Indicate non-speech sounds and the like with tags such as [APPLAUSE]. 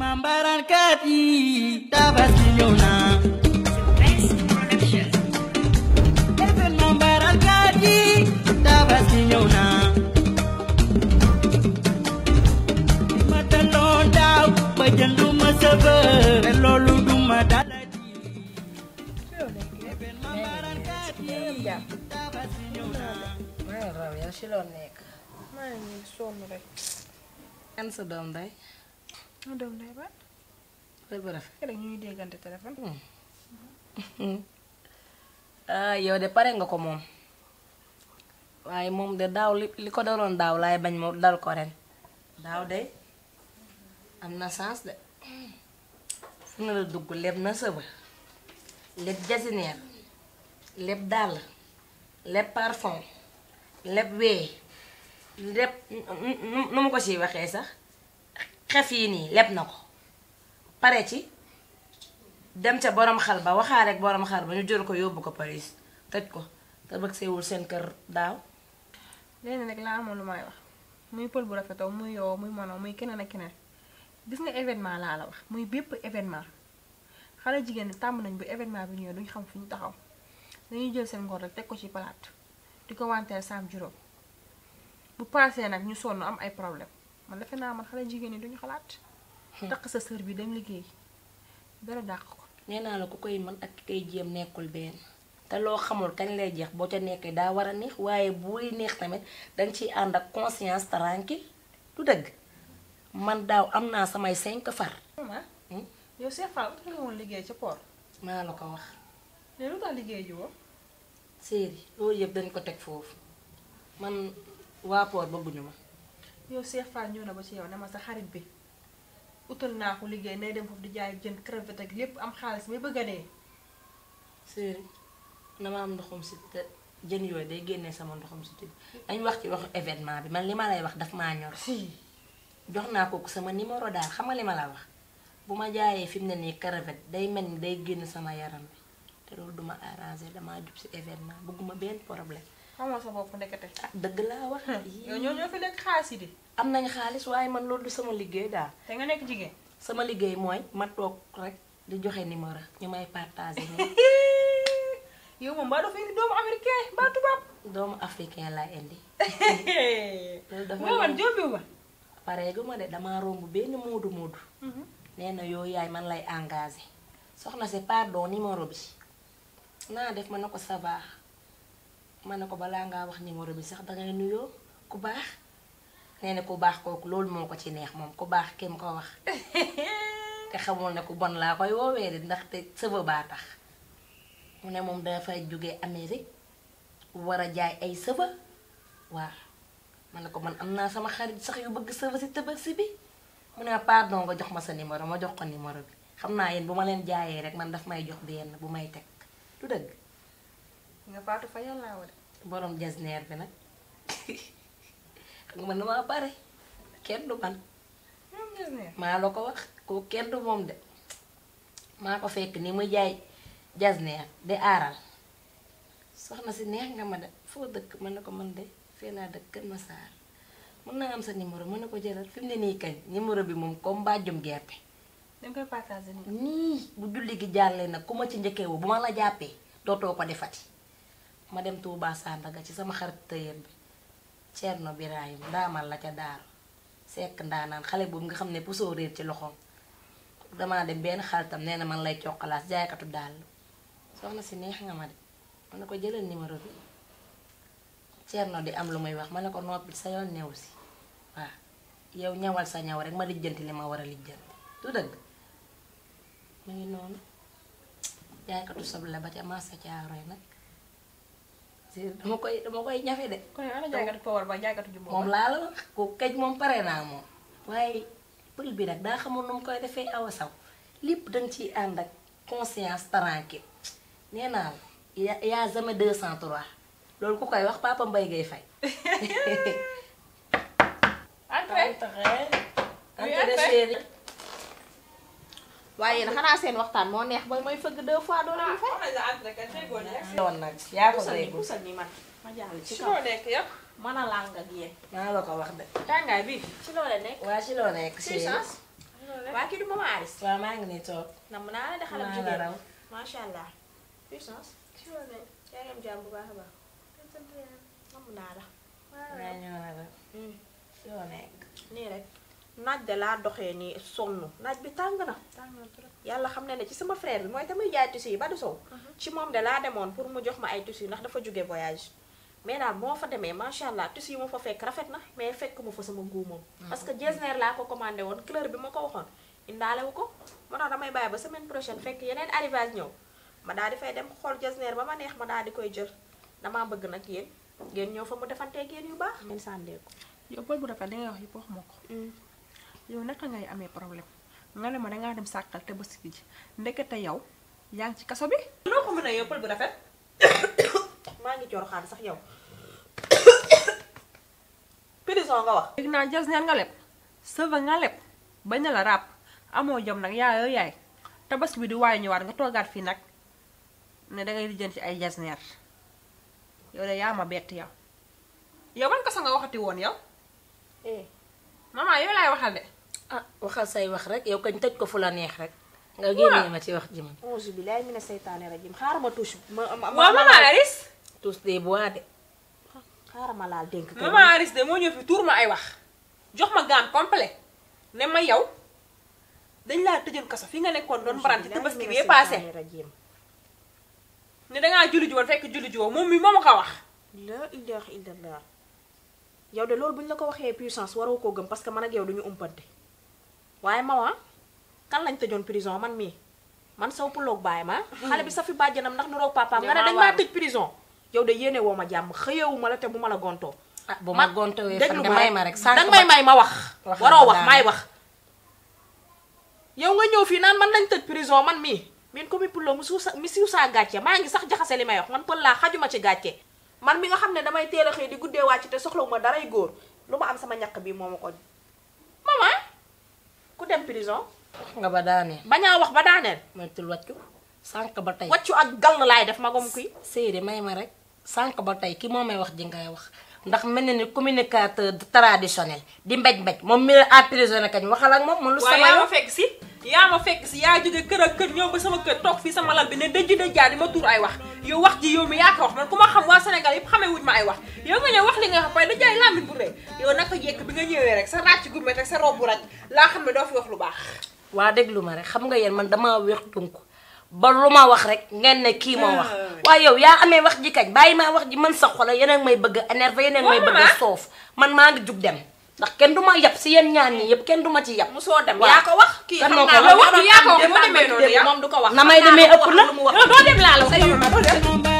mambarankat yi tabaski ñëw na seen mambarankat yi tabaski ñëw ma taloon daaw ba jënduma duma dala ji seen mambarankat yi tabaski ñëw na maa day ma doom Ndeye Ba. ñu ngi déggante téléphone. Hmm. [LAUGHS] Ah, yow de nga ko moom waaye moom de daaw li li ko daroon daaw laay bañ moom dal ko ren daaw de am na sens de fu na la dugg leb na sëba leb jasineer leb dàll leb parfum leb wee leb nu mu ko siy waxee sax. xef yi nii leb na ko pare ci dem ca borom xal ba waxaa rek borom xal ba ñu jël ko yóbbu ko Paris tëj ko te bëgg seewul seen kër daaw. leneen nag laa amoon lu may wax muy pël bu rafetoo muy yow muy mono muy keneen ak keneen gis nga événement laa la wax muy bépp événement xale jigéen ñi tàmm nañ bu événement bi ñëwee duñ xam fu ñu taxaw dañuy jël seen ngor rek teg ko ci palaat di ko wanteer saam juróom bu paasee nag ñu sonn am ay problème man defe naa man xale jigéen ñi duñu xalaat. Hmm. takk sa sër bi dem liggéey dara dàq ko. nee naa la ko koy mën ak ki koy jéem nekkul benn te loo xamul kañ lay jeex boo ca nekkee daa war a neex waaye buy neex tamit dañ ciy ànd ak conscience tranquille du dëgg man daaw am naa samay cinq far. Hmm? yow liggéey ca port. maa la ko wax. mais lu tax liggéey ji séeri loolu yëpp dañ ko teg foofu man waa port bëgguñu ma. yow Cheikh Fall ñëw na ba ci yow ne ma sa xarit bi utal naa ko liggéey nay dem foofu di jaay jën crevette ak lépp am xaalis mi bëgg a dee. sëriñ dama am ndoxum si te jën yooyu day génnee sama ndoxum si te dañ wax ci waxu événement bi man li ma lay wax daf maa ñor. jox naa ko sama numéro daal xam nga li ma la wax bu ma jaayee fi mu ne nii crevette day mel ni day génn sama yaram bi te loolu duma arrangé damaa jub si événement bëgguma benn problème. xamoo sa bopp ndekete. ah dëgg laa wax. yow ñoo ñoo fi nekk xaalis yi am nañ xaalis waaye man loolu sama liggéey daal. te nga nekk jigéen. sama liggéey mooy ma toog rek di joxe numéro ñu may partagé yow moom mbaa dafa indi doomu américain mbaa tubaab. doomu africain laa indi. man jombiwu ma. de romb benn moodu moodu. nee na yow yaay man lay engagé. soxna si pardon numéro bi. naa def ma na ko ça va. man ne ko balaa ngaa wax numéro bi sax dangay nuyoo ku baax nee na ku baax kooku loolu moo ko ci neex moom ku baax kem ko wax [LAUGHS] te xamul ne ku bon laa koy woowee ndax te sëba baa tax mu ne moom dafay jóge Amérique war a jaay ay sëba waaw man ne ko man am naa sama xarit sax yu bëgg sëba si tëbëg si bi mu ne pardon nga jox ma sa numéro ma jox ko numéro bi xam naa yéen bu ma leen jaayee rek man daf may jox yenn bu may teg du dëgg nga faatu fa yàllaa wa de borom jasneer bi nag xam nga man damaa bare kenn du man maa la ko wax ko kenn du moom de maa ko fekk ni muy jaay jasneer di aaral soxna si neex nga ma de foo dëkk mën na man de fee naa dëkk Kër Massar mën naa am sa numéro mën na ko jëlal fi mu ne nii kañ numéro bi moom comme mbàjjum gerte dañ koy partager nii bu julli gi jàllee nag ku ma ci njëkkee woo bu la ko defati ma dem Touba Sandaga ci sama xarit tëyër bi Cerno Birahim ndaamal la ca daaru sekk ndaanaan xale boobu nga xam ne pusoo réer ci loxoom damaa dem benn xaritam nee na man lay coqalaas jaaykatu daal soxna si neex nga ma de ma ne ko jëlal numéro bi Cerno di am lu muy wax ma ne ko noppi sa yoon new si waaw yow ñawal sa ñaw rek ma lijjanti li ma war a lijjanti du dëgg mu ngi noonu jaaykatu soble ba ca marché Caaroy nag dama koy dama koy ñafe de. kon ba jàngatu ju moom laal la ko kej moom pare naa moom. waaye pël bi rek daa xamul nu mu koy defee awa saw lépp danga ci ànd ak conscience tranquille nee naa la yaa jamais deux cent trois loolu ku koy wax papa Mbaye gay fay. [LAUGHS] entrez waaye yéen xanaa seen waxtaan moo neex ba may fëgg deux fois doo leen fay. doon nag yaa ko réegul kusal ni man ma jàll ci kaw. mën a làng ak yéen. maa la ko wax de. tàngaay bi ci loo la nekk. waa ci loo nekk. chance. waa kii du mama Aris. waaw maa ngi nii toog. na mu naa la de xalam jigéen raw. macha allah. puissance. ci loo nekk. yaa ngi am jàmm bu baax a baax. na mu naa la. waaw ñoo la. ci loo nekk. nii rek. naaj de laa doxe ni sonn naaj bi tàng na. yàlla xam na ne ci sama frère bi mooy tamit jaay tissu yi ba du sow. ci moom de laa demoon pour mu jox ma ay tissu ndax dafa jóge voyage. mais daal moo fa demee macha allah tissu yi ma fa fekk rafet na mais fekk ma fa sama nguu moom. Ah, parce que Getzner laa ko commandé woon couleur bi ma ko waxoon. indaale wu ko moo tax damay bàyyi ba semaine prochaine fekk yeneen arrivage ñëw ma daal di fay dem xool Getzner ba ma neex ma daal di koy jël damaa bëgg nag yéen ngeen ñëw fa mu defantee yéen yu baax. ngeen sànnee ko. Mm. yow naka ngay amé problème nga ne ma nga dem sakal te bëss sikki ji ndekete yow yaa ngi ci kasso bi loo ko mën a bu rafet ma ngi jor xaar sax yow prison nga wax dégg naa jas neen nga leb sëva nga lepp bañ na la ràpp amoo jom nag yaayoo yaay bëss bi di ñu war nga toogaat fii nag ne dangay ci ay jasneer yow da yaa ma bett yow yow ban kasso nga waxati won yow eh maman yow laay waxal de ah waxal say wax rek yow kañ tëj ko fu la neex rek nga génnee ma ci wax ji man auzu billahi mina seytaane rajim xaaral ma tuus ma ma mama aris tuus de bois de xaaral ma laal dénk mama aris de moo ñëw fi tuur ma ay wax jox ma gaam complet ne ma yow dañ laa tëjoon kaso fi nga nekkoon doon mbarante tabaski bi passé ne dangaa julli ji woon fekk julli ji woon moom mi moom ko wax la ilaha illallah yow de loolu buñ la ko waxee puissance waroo koo gëm parce que man ak yow duñu umpante waaye maman kan lañ tëjoon prison man mii man saw puloog baay ma xale bi sa fi bàjjanam ndax nu roog papaam nga ne dañ maa tëj prison yow de yéene woo ma jàmm xëyewu ma la te bu ma la gontoo ah bu ma gontowee fan nga may ma rek danga may may ma wax waroo wax maay wax yow nga ñëw fii naan man lañ tëj prison man mii min ko mi pulloo mu suusa mi siw saa gàcce maa ngi sax jaxase li may wax man pël laa xajuma ci gàcce man mi nga xam ne damay teel a xëy di guddee wàcc te soxlawu ma daray góor lu ma am sama ñaq bi moo ma ku dem prison. wax nga ba daaneel. bañaa wax ba daaneel. moytul wàccu sànq ba tey. wàccu ak gàll laay def ma gom kuy. séeréer may ma rek sànq ba tey ki moo may wax ji ngay wax ndax mel na ni communicateur traditionnel di mbéj mbéj moom mi la emprisonné kañ waxal ak ma man lu sama fekk si. yaa fekk si yaa jóge kër ak kër ñëw sama kër toog fii sama lal bi ne dëjj dëjjaa di ma tuur ay wax yow wax ji yow mi yaa ko wax man ku ma xam waa Sénégal yëpp xamee wuñ ma ay wax yow nga wax li nga xam waaye dëjjaay làmmiñ bu rëy bi nga ñëwee rek sa ràcc gu met rek sa robu rek laa xam ne doo fi wax lu baax. waa déglu ma rek xam nga yéen man damaa weex tunku ba lu ma wax rek ngeen ne kii moo wax eh. waaye yow yaa amee wax ji kañ bàyyi maa wax ji man sa xola yeneen may bëgg a énervé yeneen may bëgg a soof man maa ngi jug dem ndax kenn du ma yab si yenn ñaan ñi yëpp kenn du ma ci yab. soo dem yaa ko wax. kii xam naa wax yaa ko demee noonu moom du ko wax. na may demee ëpp la doo dem